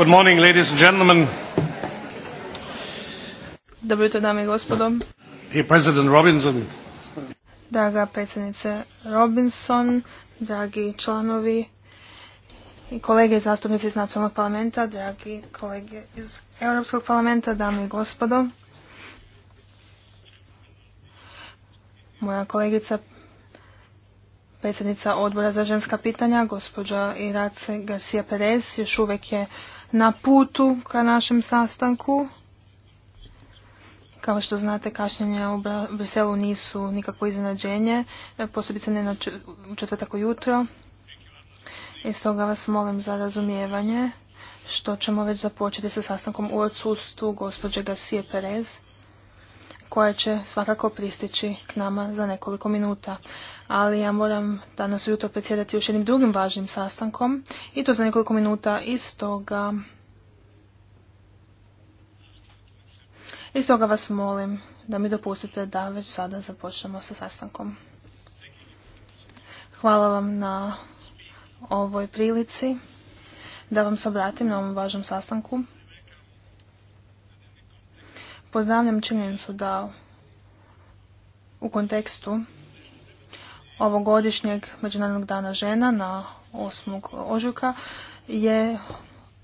Good morning, ladies and gentlemen. Dobro jutro, dame i gospodo. Dear President Robinson. Draga predsjednice Robinson, dragi članovi i kolege zastupnici iz nacionalnog parlamenta, dragi kolege iz Europskog parlamenta, dame i gospodo. Moja kolegica predsjednica odbora za ženska pitanja, gospođa Irace Garcia Perez, još uvijek je na putu ka našem sastanku. Kao što znate, kašnjenje u Briselu nisu nikakvo iznenađenje, e, posebice ne na četvrtak ujutro. I stoga vas molim za razumijevanje što ćemo već započeti sa sastankom u odsustvu gospođe Garcije Perez koja će svakako pristići k nama za nekoliko minuta. Ali ja moram danas ujutro predsjedati još jednim drugim važnim sastankom i to za nekoliko minuta iz toga. I stoga vas molim da mi dopustite da već sada započnemo sa sastankom. Hvala vam na ovoj prilici da vam se obratim na ovom važnom sastanku. Pozdravljam činjenicu da u kontekstu ovogodišnjeg Međunarodnog dana žena na 8. ožujka je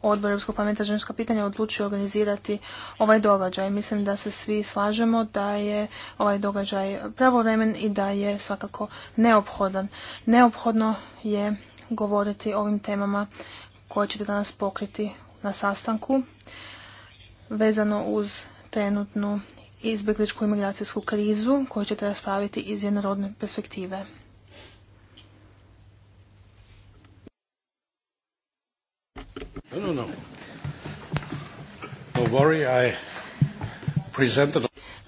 Odbor Europskog parlamenta ženska pitanja odlučio organizirati ovaj događaj. Mislim da se svi slažemo da je ovaj događaj pravovremen i da je svakako neophodan. Neophodno je govoriti o ovim temama koje ćete danas pokriti na sastanku vezano uz trenutnu izbjegličku imigracijsku krizu koju ćete raspraviti iz jednorodne perspektive. No,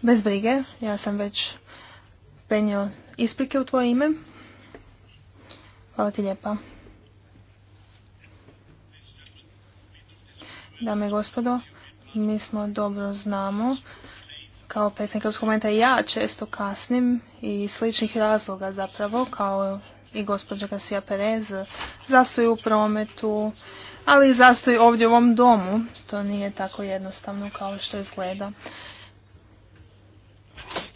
Bez brige, ja sam već penio isprike u tvoje ime. Hvala ti lijepa. Dame i gospodo, mi smo dobro znamo, kao predsjednik Europskog ja često kasnim i sličnih razloga zapravo, kao i gospođa Garcia Perez, zastoj u prometu, ali i zastoj ovdje u ovom domu. To nije tako jednostavno kao što izgleda.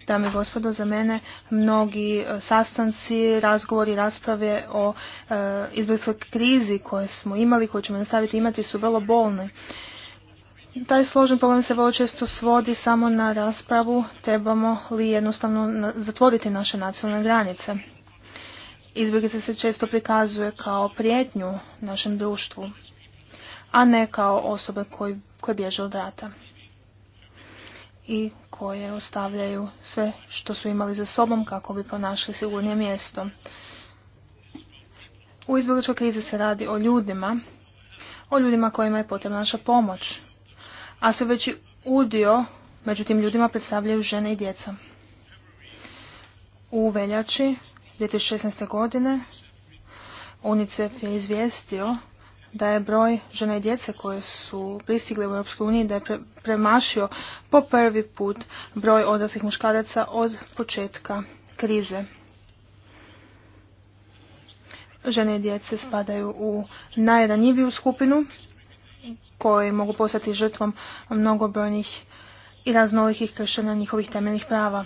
Dame i gospodo, za mene mnogi e, sastanci, razgovori, rasprave o e, krizi koje smo imali, koje ćemo nastaviti imati, su vrlo bolne taj složen problem se vrlo često svodi samo na raspravu trebamo li jednostavno zatvoriti naše nacionalne granice. Izbjeglice se često prikazuje kao prijetnju našem društvu, a ne kao osobe koji, koje bježe od rata i koje ostavljaju sve što su imali za sobom kako bi pronašli sigurnije mjesto. U izbjegličkoj krizi se radi o ljudima, o ljudima kojima je potrebna naša pomoć, a sve veći udio među tim ljudima predstavljaju žene i djeca. U veljači 2016. godine UNICEF je izvijestio da je broj žena i djece koje su pristigle u eu da je premašio po prvi put broj odraslih muškaraca od početka krize. Žene i djece spadaju u najranjiviju skupinu koji mogu postati žrtvom mnogobrojnih i raznolikih kršenja njihovih temeljnih prava.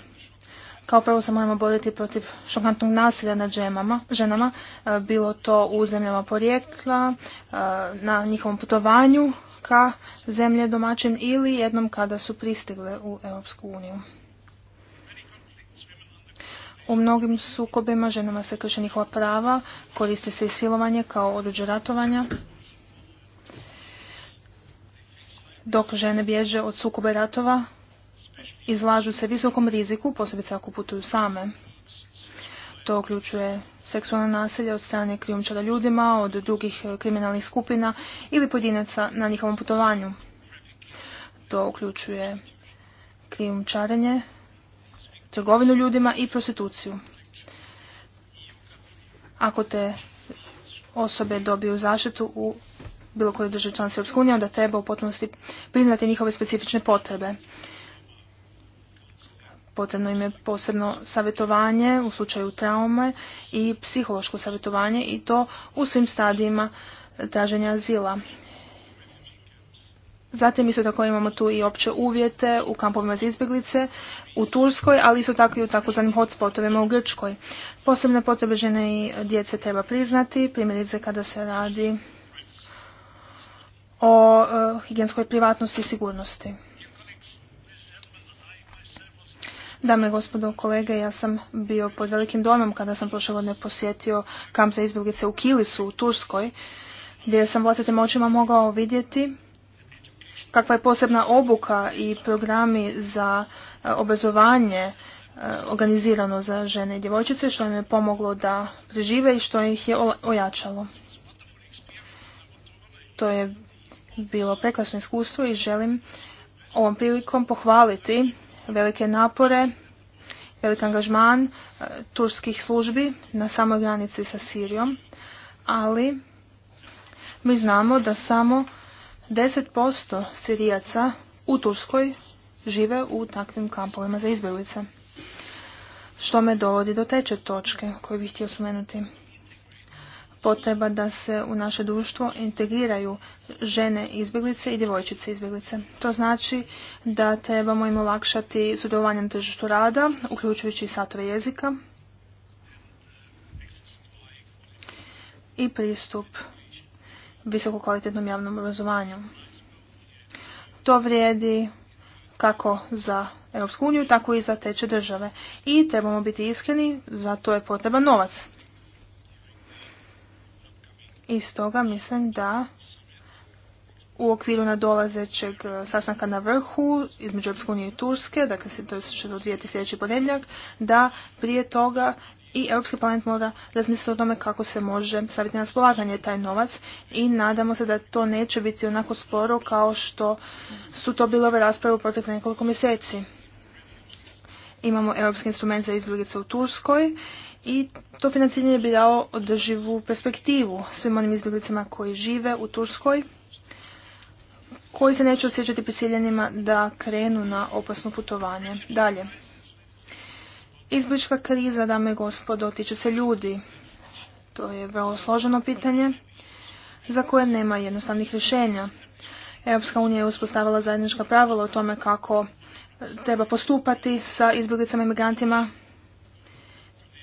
Kao prvo se moramo boriti protiv šokantnog nasilja nad džemama, ženama, e, bilo to u zemljama porijekla, e, na njihovom putovanju ka zemlje domaćin ili jednom kada su pristigle u Europsku uniju. U mnogim sukobima ženama se krše njihova prava, koriste se i silovanje kao oruđe ratovanja Dok žene bježe od sukobe ratova, izlažu se visokom riziku, posebice ako putuju same. To uključuje seksualne nasilje od strane krijumčara ljudima, od drugih e, kriminalnih skupina ili pojedinaca na njihovom putovanju. To uključuje krijumčarenje, trgovinu ljudima i prostituciju. Ako te osobe dobiju zaštitu u bilo koje države članice Europske unije, onda treba u potpunosti priznati njihove specifične potrebe. Potrebno im je posebno savjetovanje u slučaju traume i psihološko savjetovanje i to u svim stadijima traženja azila. Zatim isto tako imamo tu i opće uvjete u kampovima za izbjeglice u Turskoj, ali isto tako i u takozvanim hotspotovima u Grčkoj. Posebne potrebe žene i djece treba priznati, primjerice kada se radi o e, higijenskoj privatnosti i sigurnosti. Dame i gospodo kolege, ja sam bio pod velikim domom kada sam prošle godine posjetio kamp za izbjeglice u Kilisu u Turskoj, gdje sam vlastitim očima mogao vidjeti kakva je posebna obuka i programi za e, obrazovanje e, organizirano za žene i djevojčice, što im je pomoglo da prežive i što ih je ojačalo. To je bilo prekrasno iskustvo i želim ovom prilikom pohvaliti velike napore, velik angažman e, turskih službi na samoj granici sa Sirijom, ali mi znamo da samo 10% Sirijaca u Turskoj žive u takvim kampovima za izbjeglice. Što me dovodi do treće točke koju bih htio spomenuti potreba da se u naše društvo integriraju žene izbjeglice i djevojčice izbjeglice. To znači da trebamo im olakšati sudjelovanje na tržištu rada, uključujući i satove jezika i pristup visokokvalitetnom javnom obrazovanju. To vrijedi kako za Europsku uniju, tako i za teče države. I trebamo biti iskreni, za to je potreban novac. I stoga mislim da u okviru nadolazećeg e, sastanka na vrhu između Europske unije i Turske, dakle se to će tisuće sljedeći ponedjeljak, da prije toga i Europski parlament mora razmisliti o tome kako se može staviti na raspolaganje taj novac i nadamo se da to neće biti onako sporo kao što su to bile ove rasprave u protekle nekoliko mjeseci. Imamo Europski instrument za izbjeglice u Turskoj i to financiranje bi dao održivu perspektivu svim onim izbjeglicama koji žive u Turskoj, koji se neće osjećati prisiljenima da krenu na opasno putovanje. Dalje. Izbjeglička kriza, dame i gospodo, tiče se ljudi. To je vrlo složeno pitanje za koje nema jednostavnih rješenja. Europska unija je uspostavila zajednička pravila o tome kako treba postupati sa izbjeglicama i migrantima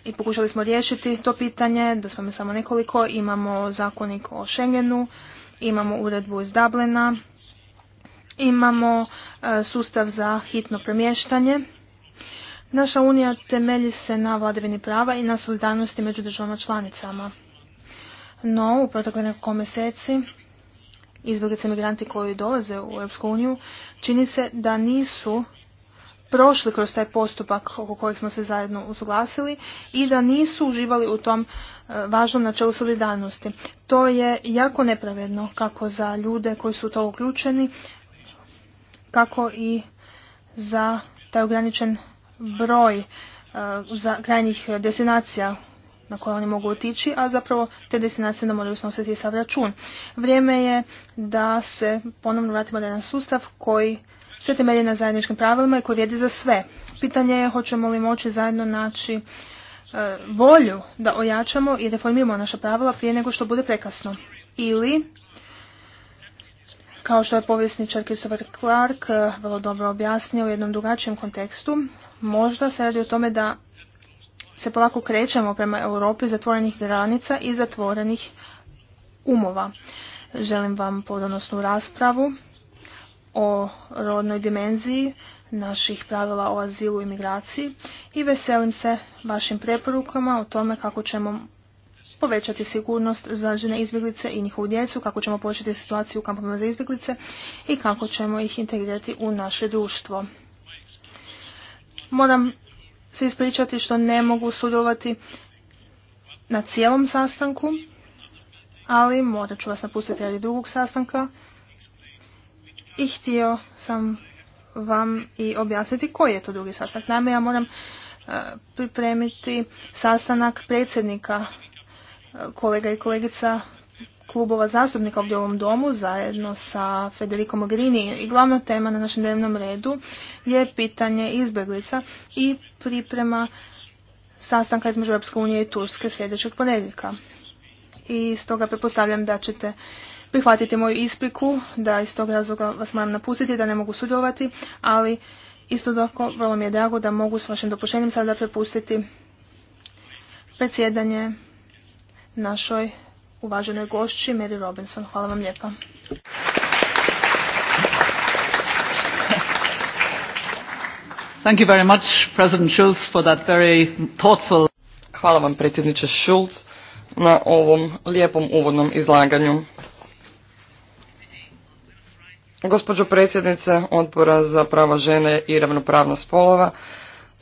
i pokušali smo riješiti to pitanje, da smo samo nekoliko, imamo zakonik o Schengenu, imamo uredbu iz Dublina, imamo e, sustav za hitno premještanje. Naša unija temelji se na vladavini prava i na solidarnosti među državama članicama. No, u protekle nekoliko mjeseci izbjeglice migranti koji dolaze u Europsku uniju čini se da nisu prošli kroz taj postupak oko kojeg smo se zajedno usuglasili i da nisu uživali u tom e, važnom načelu solidarnosti. To je jako nepravedno kako za ljude koji su u to uključeni, kako i za taj ograničen broj e, za krajnjih destinacija na koje oni mogu otići, a zapravo te destinacije onda moraju snositi sav račun. Vrijeme je da se ponovno vratimo na jedan sustav koji sve temelje na zajedničkim pravilima i koji vrijedi za sve. Pitanje je hoćemo li moći zajedno naći e, volju da ojačamo i reformiramo naša pravila prije nego što bude prekasno. Ili, kao što je povjesničar Christopher Clark e, vrlo dobro objasnio u jednom drugačijem kontekstu, možda se radi o tome da se polako krećemo prema Europi zatvorenih granica i zatvorenih umova. Želim vam podonosnu raspravu o rodnoj dimenziji naših pravila o azilu i migraciji i veselim se vašim preporukama o tome kako ćemo povećati sigurnost žene izbjeglice i njihovu djecu, kako ćemo početi situaciju u kampovima za izbjeglice i kako ćemo ih integrirati u naše društvo. Moram se ispričati što ne mogu sudjelovati na cijelom sastanku, ali morat ću vas napustiti radi drugog sastanka i htio sam vam i objasniti koji je to drugi sastanak. Naime, ja moram e, pripremiti sastanak predsjednika e, kolega i kolegica klubova zastupnika ovdje u ovom domu zajedno sa Federico Mogherini i glavna tema na našem dnevnom redu je pitanje izbjeglica i priprema sastanka između Europske unije i Turske sljedećeg ponedjeljka. I stoga prepostavljam da ćete prihvatiti moju ispriku da iz tog razloga vas moram napustiti, da ne mogu sudjelovati, ali isto doko vrlo mi je drago da mogu s vašim dopuštenjem sada prepustiti predsjedanje našoj uvaženoj gošći Mary Robinson. Hvala vam lijepa. Thank you very much, President Schulz, for that very thoughtful... Hvala vam, predsjedniče Schulz, na ovom lijepom uvodnom izlaganju. Gospođo predsjednice Odbora za prava žene i ravnopravnost spolova,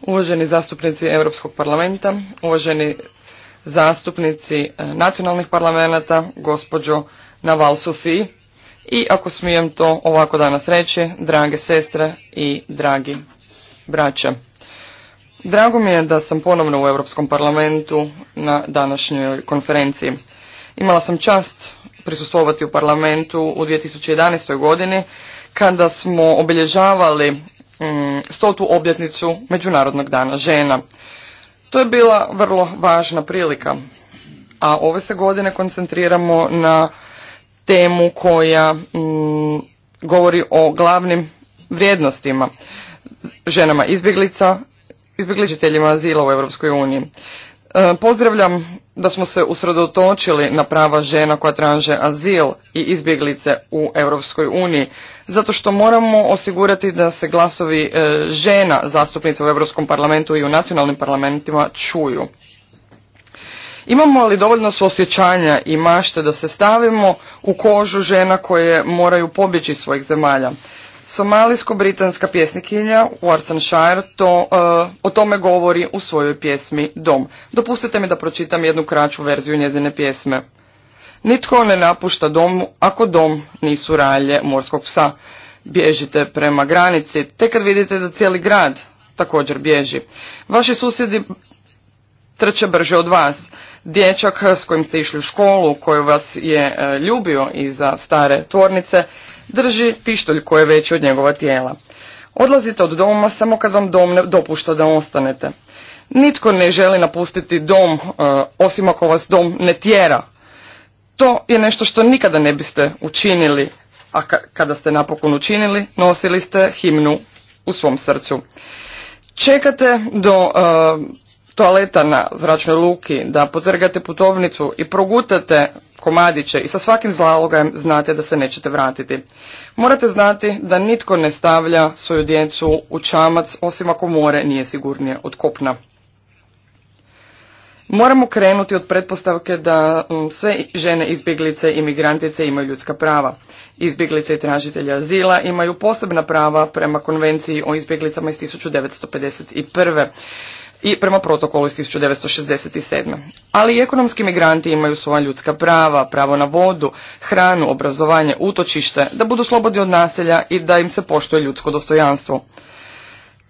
uvaženi zastupnici Europskog parlamenta, uvaženi zastupnici eh, nacionalnih parlamenta, gospođo Naval Sufi i ako smijem to ovako danas reći, drage sestre i dragi braća. Drago mi je da sam ponovno u Europskom parlamentu na današnjoj konferenciji. Imala sam čast ...prisustovati u parlamentu u 2011. godini kada smo obilježavali mm, stotu objetnicu Međunarodnog dana žena. To je bila vrlo važna prilika, a ove se godine koncentriramo na temu koja mm, govori o glavnim vrijednostima ženama izbjeglica, izbjegličiteljima azila u Europskoj uniji. E, pozdravljam da smo se usredotočili na prava žena koja traže azil i izbjeglice u Europskoj uniji, zato što moramo osigurati da se glasovi e, žena zastupnica u Europskom parlamentu i u nacionalnim parlamentima čuju. Imamo ali dovoljno osjećanja i mašte da se stavimo u kožu žena koje moraju pobjeći iz svojih zemalja? Somalijsko-britanska pjesnikinja Warson Shire to, eh, o tome govori u svojoj pjesmi Dom. Dopustite mi da pročitam jednu kraću verziju njezine pjesme. Nitko ne napušta dom ako dom nisu ralje morskog psa. Bježite prema granici, te kad vidite da cijeli grad također bježi. Vaši susjedi trče brže od vas. Dječak s kojim ste išli u školu, koji vas je eh, ljubio iza stare tvornice, drži pištolj koji je veći od njegova tijela. Odlazite od doma samo kad vam dom ne dopušta da ostanete. Nitko ne želi napustiti dom, e, osim ako vas dom ne tjera. To je nešto što nikada ne biste učinili, a kada ste napokon učinili, nosili ste himnu u svom srcu. Čekate do e, toaleta na zračnoj luki, da potrgate putovnicu i progutate komadiće i sa svakim zlalogajem znate da se nećete vratiti. Morate znati da nitko ne stavlja svoju djecu u čamac osim ako more nije sigurnije od kopna. Moramo krenuti od pretpostavke da mm, sve žene izbjeglice i migrantice imaju ljudska prava. Izbjeglice i tražitelji azila imaju posebna prava prema konvenciji o izbjeglicama iz 1951 i prema protokolu iz 1967. Ali i ekonomski migranti imaju svoja ljudska prava, pravo na vodu, hranu, obrazovanje, utočište, da budu slobodni od naselja i da im se poštuje ljudsko dostojanstvo.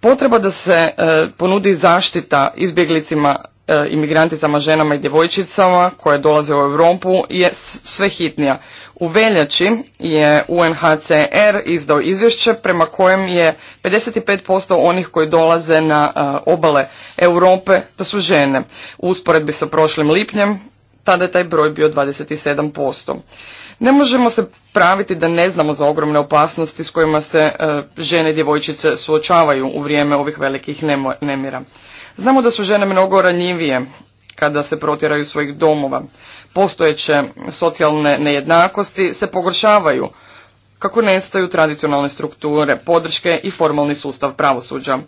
Potreba da se e, ponudi zaštita izbjeglicima E, imigranticama, ženama i djevojčicama koje dolaze u Europu je sve hitnija. U veljači je UNHCR izdao izvješće prema kojem je 55% onih koji dolaze na e, obale Europe da su žene. U usporedbi sa prošlim lipnjem tada je taj broj bio 27%. Ne možemo se praviti da ne znamo za ogromne opasnosti s kojima se e, žene i djevojčice suočavaju u vrijeme ovih velikih nemira. Znamo da su žene mnogo ranjivije kada se protjeraju svojih domova. Postojeće socijalne nejednakosti se pogoršavaju kako nestaju tradicionalne strukture, podrške i formalni sustav pravosuđa.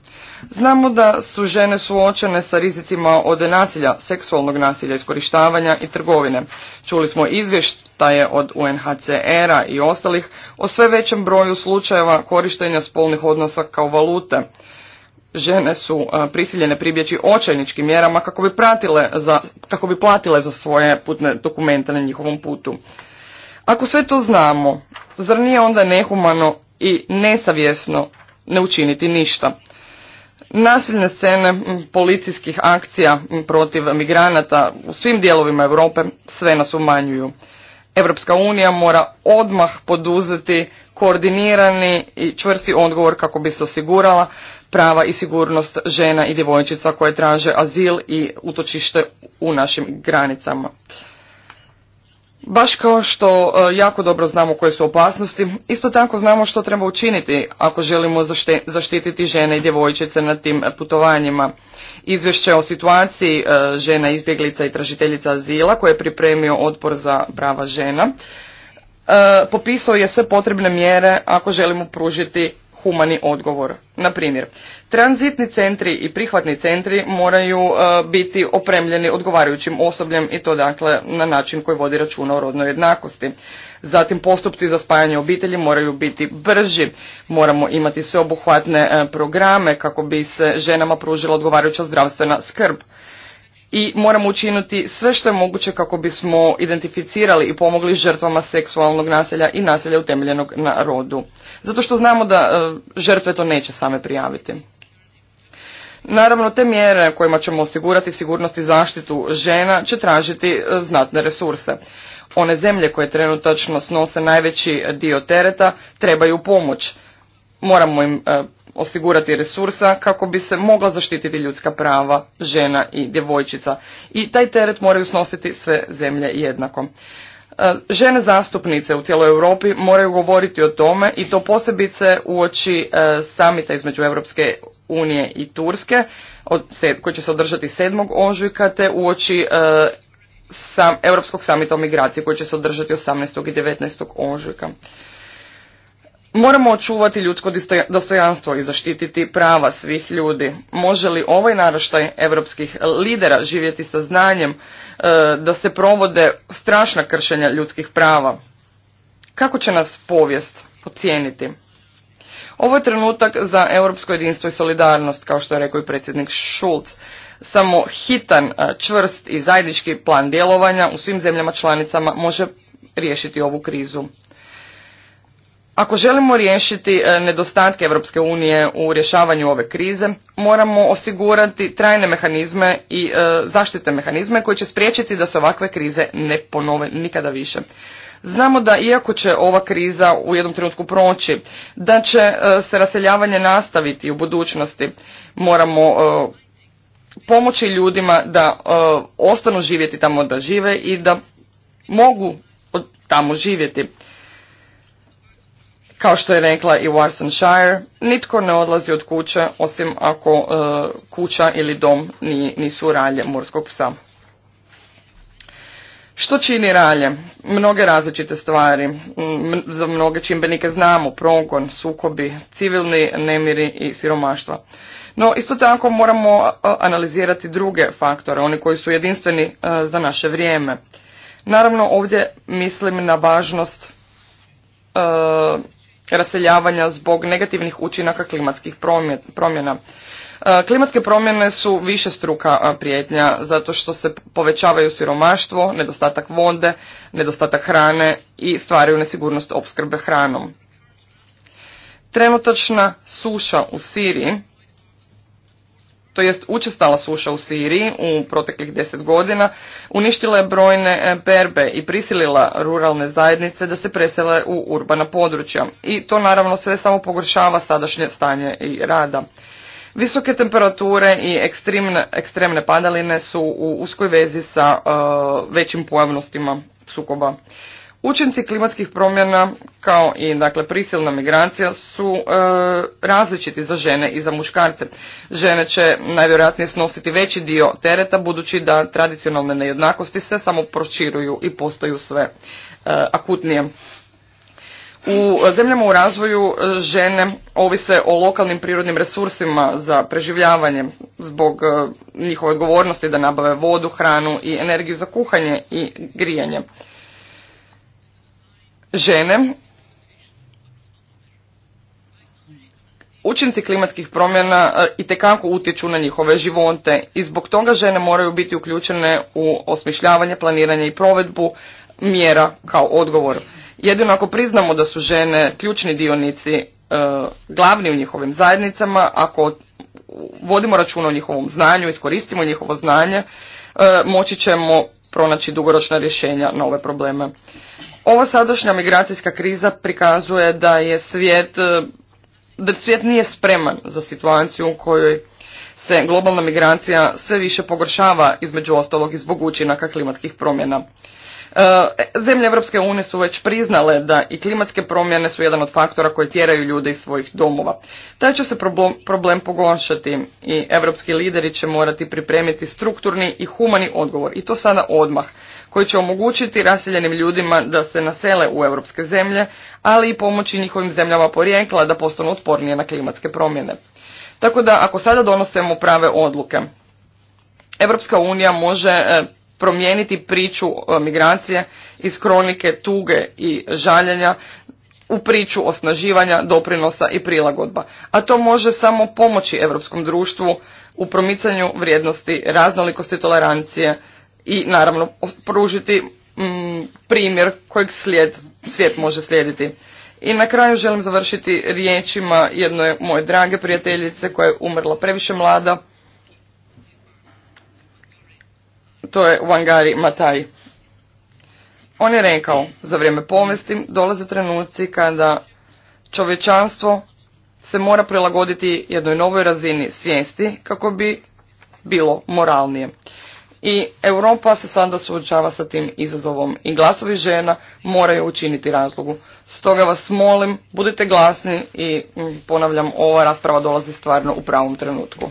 Znamo da su žene suočene sa rizicima od nasilja, seksualnog nasilja, iskorištavanja i trgovine. Čuli smo izvještaje od UNHCR-a i ostalih o sve većem broju slučajeva korištenja spolnih odnosa kao valute žene su prisiljene pribjeći očajničkim mjerama kako bi, pratile za, kako bi platile za svoje putne dokumente na njihovom putu. Ako sve to znamo, zar nije onda nehumano i nesavjesno ne učiniti ništa? Nasilne scene policijskih akcija protiv migranata u svim dijelovima Europe sve nas umanjuju. Europska unija mora odmah poduzeti koordinirani i čvrsti odgovor kako bi se osigurala prava i sigurnost žena i djevojčica koje traže azil i utočište u našim granicama. Baš kao što e, jako dobro znamo koje su opasnosti, isto tako znamo što treba učiniti ako želimo zaštititi žene i djevojčice na tim e, putovanjima. Izvješće o situaciji e, žena izbjeglica i tražiteljica azila koje je pripremio odbor za prava žena popisao je sve potrebne mjere ako želimo pružiti humani odgovor. Na primjer, tranzitni centri i prihvatni centri moraju e, biti opremljeni odgovarajućim osobljem i to dakle na način koji vodi računa o rodnoj jednakosti. Zatim postupci za spajanje obitelji moraju biti brži, moramo imati sveobuhvatne e, programe kako bi se ženama pružila odgovarajuća zdravstvena skrb i moramo učiniti sve što je moguće kako bismo identificirali i pomogli žrtvama seksualnog nasilja i nasilja utemeljenog na rodu. Zato što znamo da e, žrtve to neće same prijaviti. Naravno, te mjere kojima ćemo osigurati sigurnost i zaštitu žena će tražiti e, znatne resurse. One zemlje koje trenutačno snose najveći dio tereta trebaju pomoć. Moramo im e, osigurati resursa kako bi se mogla zaštititi ljudska prava žena i djevojčica. I taj teret moraju snositi sve zemlje jednako. E, žene zastupnice u cijeloj Europi moraju govoriti o tome i to posebice uoči e, samita između Europske unije i Turske koji će se održati 7. ožujka te uoči e, sam, Europskog samita o migraciji koji će se održati 18. i 19. ožujka. Moramo očuvati ljudsko dostojanstvo i zaštititi prava svih ljudi. Može li ovaj naraštaj europskih lidera živjeti sa znanjem e, da se provode strašna kršenja ljudskih prava? Kako će nas povijest ocijeniti? Ovo je trenutak za europsko jedinstvo i solidarnost, kao što je rekao i predsjednik Schulz. Samo hitan, e, čvrst i zajednički plan djelovanja u svim zemljama članicama može riješiti ovu krizu. Ako želimo riješiti e, nedostatke Europske unije u rješavanju ove krize, moramo osigurati trajne mehanizme i e, zaštite mehanizme koji će spriječiti da se ovakve krize ne ponove nikada više. Znamo da iako će ova kriza u jednom trenutku proći, da će e, se raseljavanje nastaviti u budućnosti, moramo pomoći ljudima da ostanu živjeti tamo da žive i da mogu tamo živjeti. Kao što je rekla i Warson nitko ne odlazi od kuće osim ako e, kuća ili dom nisu ralje morskog psa. Što čini ralje? Mnoge različite stvari. Za mnoge čimbenike znamo, progon, sukobi, civilni nemiri i siromaštva. No, isto tako moramo e, analizirati druge faktore, oni koji su jedinstveni e, za naše vrijeme. Naravno, ovdje mislim na važnost raseljavanja zbog negativnih učinaka klimatskih promjena. E, klimatske promjene su više struka prijetnja zato što se povećavaju siromaštvo, nedostatak vode, nedostatak hrane i stvaraju nesigurnost opskrbe hranom. Trenutačna suša u Siriji to jest učestala suša u Siriji u proteklih deset godina, uništila je brojne perbe e, i prisilila ruralne zajednice da se presele u urbana područja. I to naravno sve samo pogoršava sadašnje stanje i rada. Visoke temperature i ekstremne, ekstremne padaline su u uskoj vezi sa e, većim pojavnostima sukoba. Učinci klimatskih promjena kao i dakle prisilna migracija su e, različiti za žene i za muškarce. Žene će najvjerojatnije snositi veći dio tereta budući da tradicionalne nejednakosti se samo proširuju i postaju sve e, akutnije. U zemljama u razvoju e, žene ovise o lokalnim prirodnim resursima za preživljavanje zbog njihove odgovornosti da nabave vodu, hranu i energiju za kuhanje i grijanje žene učinci klimatskih promjena e, itekako utječu na njihove živote i zbog toga žene moraju biti uključene u osmišljavanje, planiranje i provedbu mjera kao odgovor. Jedino ako priznamo da su žene ključni dionici e, glavni u njihovim zajednicama, ako vodimo računa o njihovom znanju, iskoristimo njihovo znanje, e, moći ćemo pronaći dugoročna rješenja na ove probleme. Ova sadašnja migracijska kriza prikazuje da je svijet, e, da svijet nije spreman za situaciju u kojoj se globalna migracija sve više pogoršava između ostalog i zbog učinaka klimatskih promjena. E, zemlje Europske unije su već priznale da i klimatske promjene su jedan od faktora koji tjeraju ljude iz svojih domova. Taj će se problem pogoršati i europski lideri će morati pripremiti strukturni i humani odgovor i to sada odmah koji će omogućiti raseljenim ljudima da se nasele u europske zemlje, ali i pomoći njihovim zemljama porijekla da postanu otpornije na klimatske promjene. Tako da ako sada donosemo prave odluke, Europska unija može e, promijeniti priču e, migracije iz kronike tuge i žaljenja u priču osnaživanja, doprinosa i prilagodba. A to može samo pomoći europskom društvu u promicanju vrijednosti, raznolikosti, tolerancije, i naravno pružiti mm, primjer kojeg slijed, svijet može slijediti. I na kraju želim završiti riječima jedne moje drage prijateljice koja je umrla previše mlada. To je Wangari Matai. On je rekao, za vrijeme povesti dolaze trenuci kada čovječanstvo se mora prilagoditi jednoj novoj razini svijesti kako bi bilo moralnije i Europa se sada suočava sa tim izazovom i glasovi žena moraju učiniti razlogu. Stoga vas molim, budite glasni i mm, ponavljam, ova rasprava dolazi stvarno u pravom trenutku.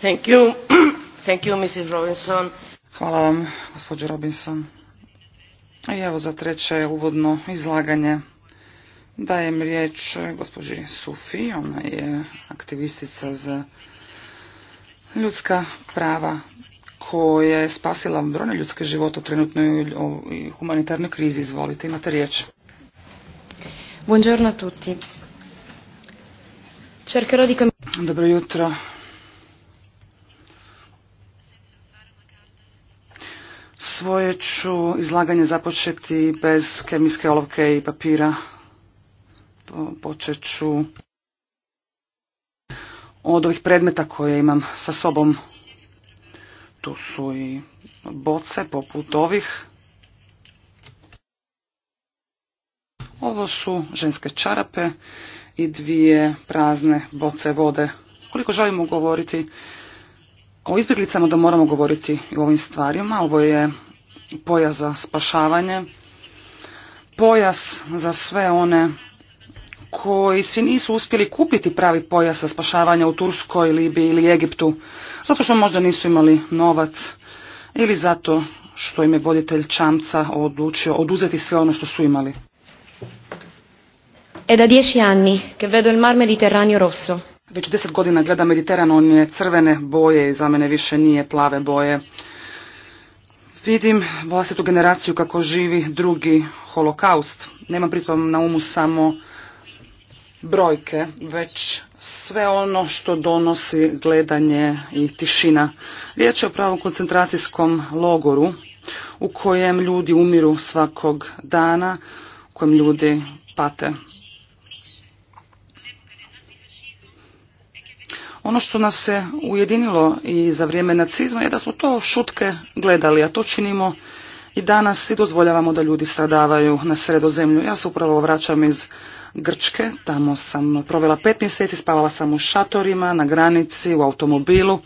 Thank you. Thank you, Mrs. Robinson. Hvala vam, gospođo Robinson. I evo za treće uvodno izlaganje Dajem riječ e, gospođi Sufi, ona je aktivistica za ljudska prava koja je spasila brojne ljudske živote u trenutnoj humanitarnoj krizi. Izvolite, imate riječ. Buongiorno a tutti. Cercherò di Dobro jutro. Svoje ću izlaganje započeti bez kemijske olovke i papira počet ću od ovih predmeta koje imam sa sobom. Tu su i boce poput ovih. Ovo su ženske čarape i dvije prazne boce vode. Koliko želimo govoriti o izbjeglicama da moramo govoriti i o ovim stvarima. Ovo je pojas za spašavanje, pojas za sve one koji si nisu uspjeli kupiti pravi pojas za spašavanje u Turskoj, Libiji ili Egiptu, zato što možda nisu imali novac ili zato što im je voditelj čamca odlučio oduzeti sve ono što su imali. E da dieci anni che vedo il mar Mediterraneo rosso. Već deset godina gleda Mediteran, on je crvene boje i za mene više nije plave boje. Vidim vlastitu generaciju kako živi drugi holokaust. Nemam pritom na umu samo brojke, već sve ono što donosi gledanje i tišina. Riječ je o pravom koncentracijskom logoru u kojem ljudi umiru svakog dana, u kojem ljudi pate. Ono što nas se ujedinilo i za vrijeme nacizma je da smo to šutke gledali, a to činimo i danas i dozvoljavamo da ljudi stradavaju na sredozemlju. Ja se upravo vraćam iz Grčke. Tamo sam provela pet mjeseci, spavala sam u šatorima, na granici, u automobilu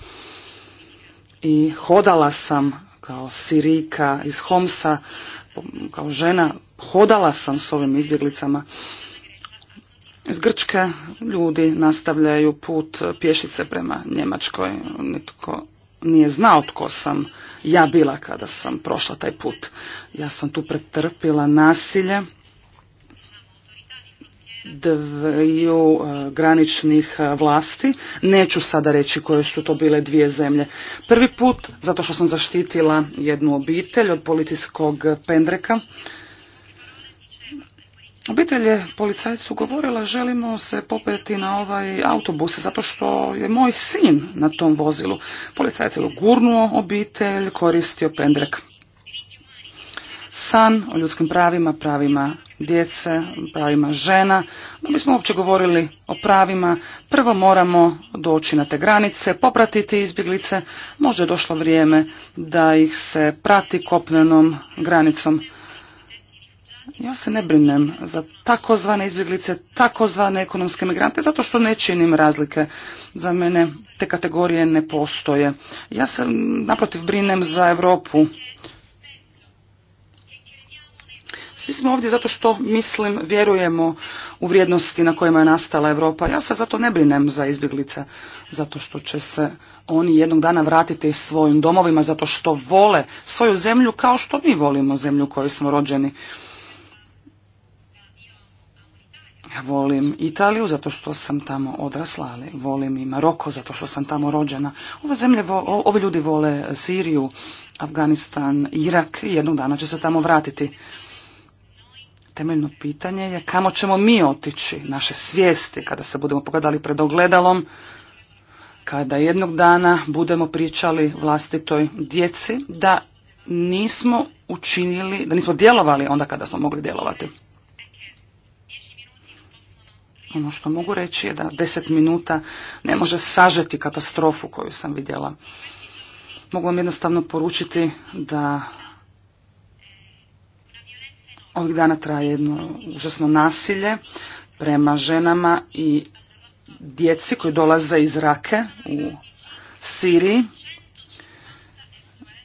i hodala sam kao sirika iz Homsa, kao žena, hodala sam s ovim izbjeglicama. Iz Grčke ljudi nastavljaju put pješice prema Njemačkoj. Nitko nije znao tko sam ja bila kada sam prošla taj put. Ja sam tu pretrpila nasilje dviju e, graničnih e, vlasti. Neću sada reći koje su to bile dvije zemlje. Prvi put, zato što sam zaštitila jednu obitelj od policijskog pendreka, Obitelj je policajcu govorila želimo se popeti na ovaj autobus zato što je moj sin na tom vozilu. Policajac je gurnuo obitelj, koristio pendrek san o ljudskim pravima, pravima djece, pravima žena. Da bismo uopće govorili o pravima, prvo moramo doći na te granice, popratiti izbjeglice. Možda je došlo vrijeme da ih se prati kopnenom granicom. Ja se ne brinem za takozvane izbjeglice, takozvane ekonomske migrante, zato što ne činim razlike. Za mene te kategorije ne postoje. Ja se naprotiv brinem za Europu svi smo ovdje zato što, mislim, vjerujemo u vrijednosti na kojima je nastala Europa. Ja se zato ne brinem za izbjeglice, zato što će se oni jednog dana vratiti svojim domovima, zato što vole svoju zemlju kao što mi volimo zemlju u kojoj smo rođeni. Ja volim Italiju zato što sam tamo odrasla, ali volim i Maroko zato što sam tamo rođena. Ove zemlje, ovi ljudi vole Siriju, Afganistan, Irak i jednog dana će se tamo vratiti temeljno pitanje je kamo ćemo mi otići naše svijesti kada se budemo pogledali pred ogledalom, kada jednog dana budemo pričali vlastitoj djeci da nismo učinili, da nismo djelovali onda kada smo mogli djelovati. Ono što mogu reći je da deset minuta ne može sažeti katastrofu koju sam vidjela. Mogu vam jednostavno poručiti da Ovih dana traje jedno užasno nasilje prema ženama i djeci koji dolaze iz Rake u Siriji.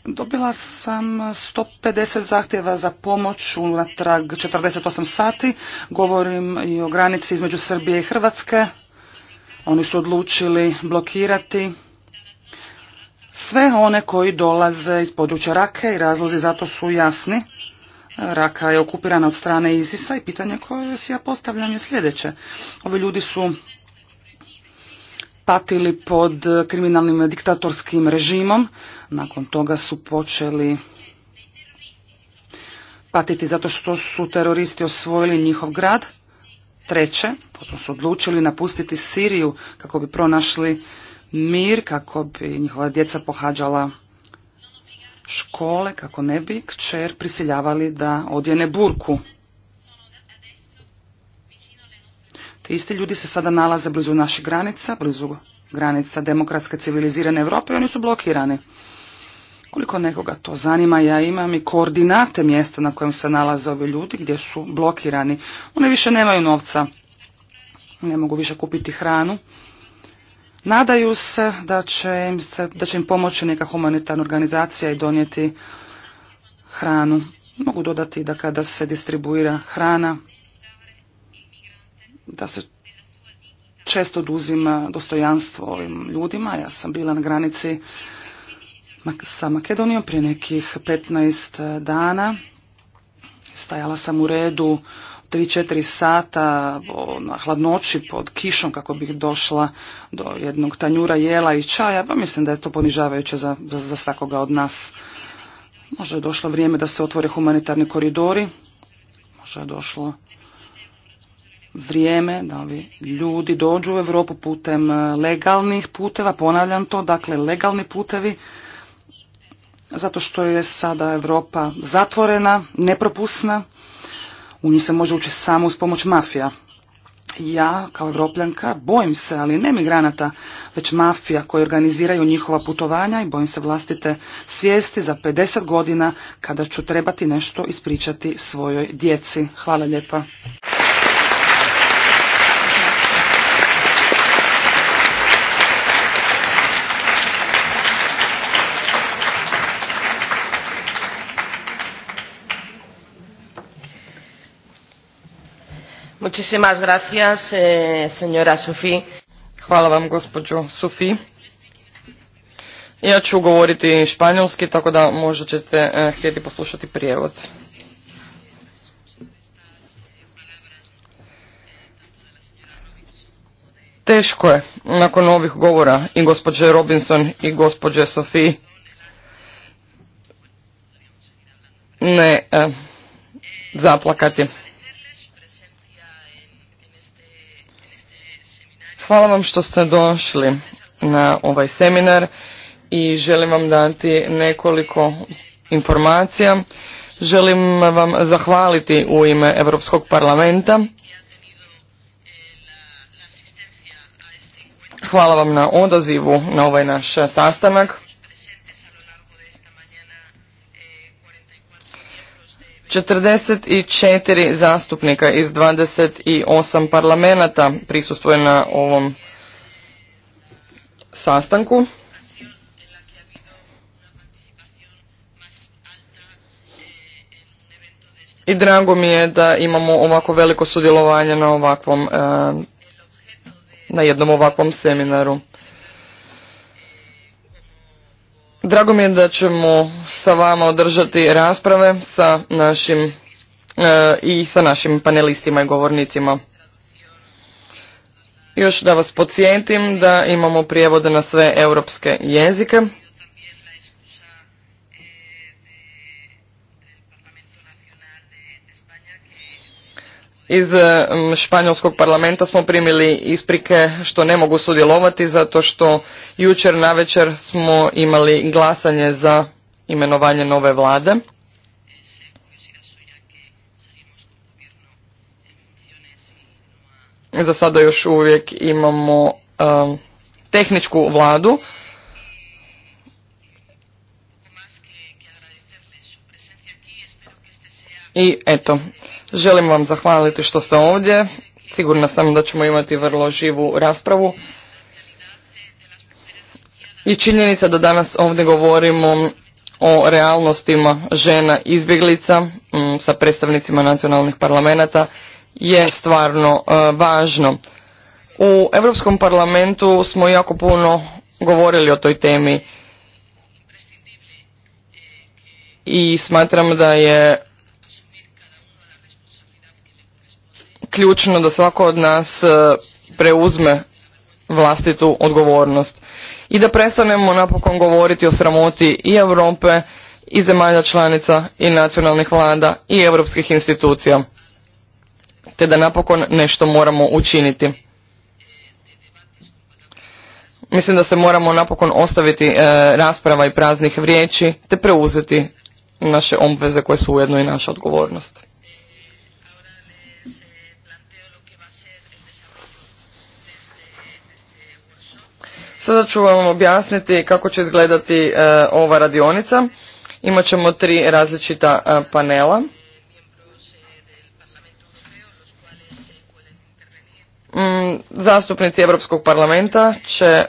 Dobila sam 150 zahtjeva za pomoć unatrag 48 sati. Govorim i o granici između Srbije i Hrvatske. Oni su odlučili blokirati sve one koji dolaze iz područja Rake i razlozi zato su jasni. Raka je okupirana od strane Izisa i pitanje koje si ja postavljam je sljedeće. Ovi ljudi su patili pod kriminalnim diktatorskim režimom, nakon toga su počeli patiti zato što su teroristi osvojili njihov grad. Treće, potom su odlučili napustiti Siriju kako bi pronašli mir, kako bi njihova djeca pohađala škole kako ne bi kćer prisiljavali da odjene burku. Ti isti ljudi se sada nalaze blizu naših granica, blizu granica demokratske civilizirane Europe i oni su blokirani. Koliko nekoga to zanima, ja imam i koordinate mjesta na kojem se nalaze ovi ljudi gdje su blokirani. Oni više nemaju novca, ne mogu više kupiti hranu, Nadaju se da će im, da će im pomoći neka humanitarna organizacija i donijeti hranu. Mogu dodati da kada se distribuira hrana, da se često oduzima dostojanstvo ovim ljudima. Ja sam bila na granici sa Makedonijom prije nekih 15 dana. Stajala sam u redu 3-4 sata na hladnoći pod kišom kako bih došla do jednog tanjura jela i čaja, pa mislim da je to ponižavajuće za, za svakoga od nas. Možda je došlo vrijeme da se otvore humanitarni koridori, možda je došlo vrijeme da ovi ljudi dođu u Europu putem e, legalnih puteva, ponavljam to, dakle legalni putevi, zato što je sada Europa zatvorena, nepropusna, u nju se može ući samo uz pomoć mafija. Ja, kao evropljanka, bojim se, ali ne migranata, već mafija koji organiziraju njihova putovanja i bojim se vlastite svijesti za 50 godina kada ću trebati nešto ispričati svojoj djeci. Hvala lijepa. Muchísimas gracias, eh, señora Sufi. Hvala vam, gospođo Sufi. Ja ću govoriti španjolski, tako da možda ćete eh, htjeti poslušati prijevod. Teško je, nakon ovih govora, i gospođe Robinson i gospođe sofi ne eh, zaplakati. Hvala vam što ste došli na ovaj seminar i želim vam dati nekoliko informacija. Želim vam zahvaliti u ime Europskog parlamenta. Hvala vam na odazivu na ovaj naš sastanak. 44 zastupnika iz 28 parlamenta prisustuje na ovom sastanku. I drago mi je da imamo ovako veliko sudjelovanje na ovakvom eh, na jednom ovakvom seminaru. Drago mi je da ćemo sa vama održati rasprave sa našim e, i sa našim panelistima i govornicima. Još da vas podsjetim da imamo prijevode na sve europske jezike. Iz španjolskog parlamenta smo primili isprike što ne mogu sudjelovati zato što jučer navečer smo imali glasanje za imenovanje nove vlade. Za sada još uvijek imamo tehničku vladu. I eto, Želim vam zahvaliti što ste ovdje. Sigurna sam da ćemo imati vrlo živu raspravu. I činjenica da danas ovdje govorimo o realnostima žena izbjeglica mm, sa predstavnicima nacionalnih parlamenata je stvarno e, važno. U Europskom parlamentu smo jako puno govorili o toj temi i smatram da je ključno da svako od nas e, preuzme vlastitu odgovornost i da prestanemo napokon govoriti o sramoti i Europe i zemalja članica i nacionalnih vlada i europskih institucija te da napokon nešto moramo učiniti. Mislim da se moramo napokon ostaviti e, rasprava i praznih riječi te preuzeti naše obveze koje su ujedno i naša odgovornost. Sada ću vam objasniti kako će izgledati e, ova radionica. Imaćemo ćemo tri različita e, panela. Mm, zastupnici Europskog parlamenta će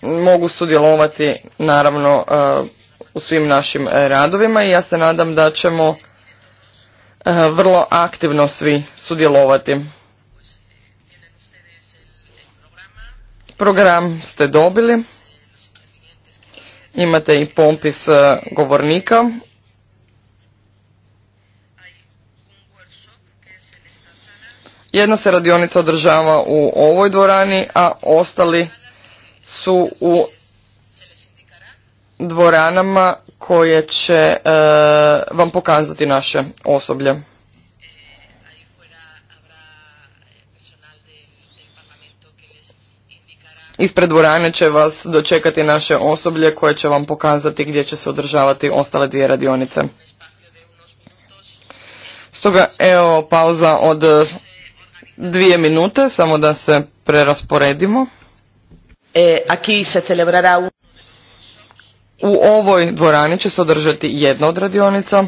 mogu sudjelovati naravno e, u svim našim radovima i ja se nadam da ćemo vrlo aktivno svi sudjelovati. Program ste dobili. Imate i pompis e, govornika. Jedna se radionica održava u ovoj dvorani, a ostali su u dvoranama koje će e, vam pokazati naše osoblje. Ispred dvorane će vas dočekati naše osoblje koje će vam pokazati gdje će se održavati ostale dvije radionice. Stoga, evo, pauza od eh, dvije minute, samo da se prerasporedimo. E, se celebrará u ovoj dvorani će se održati jedna od radionica.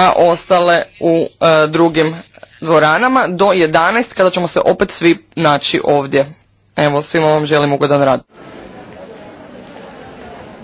a ostale u e, drugim dvoranama do 11 kada ćemo se opet svi naći ovdje. Evo, svima vam želim ugodan rad.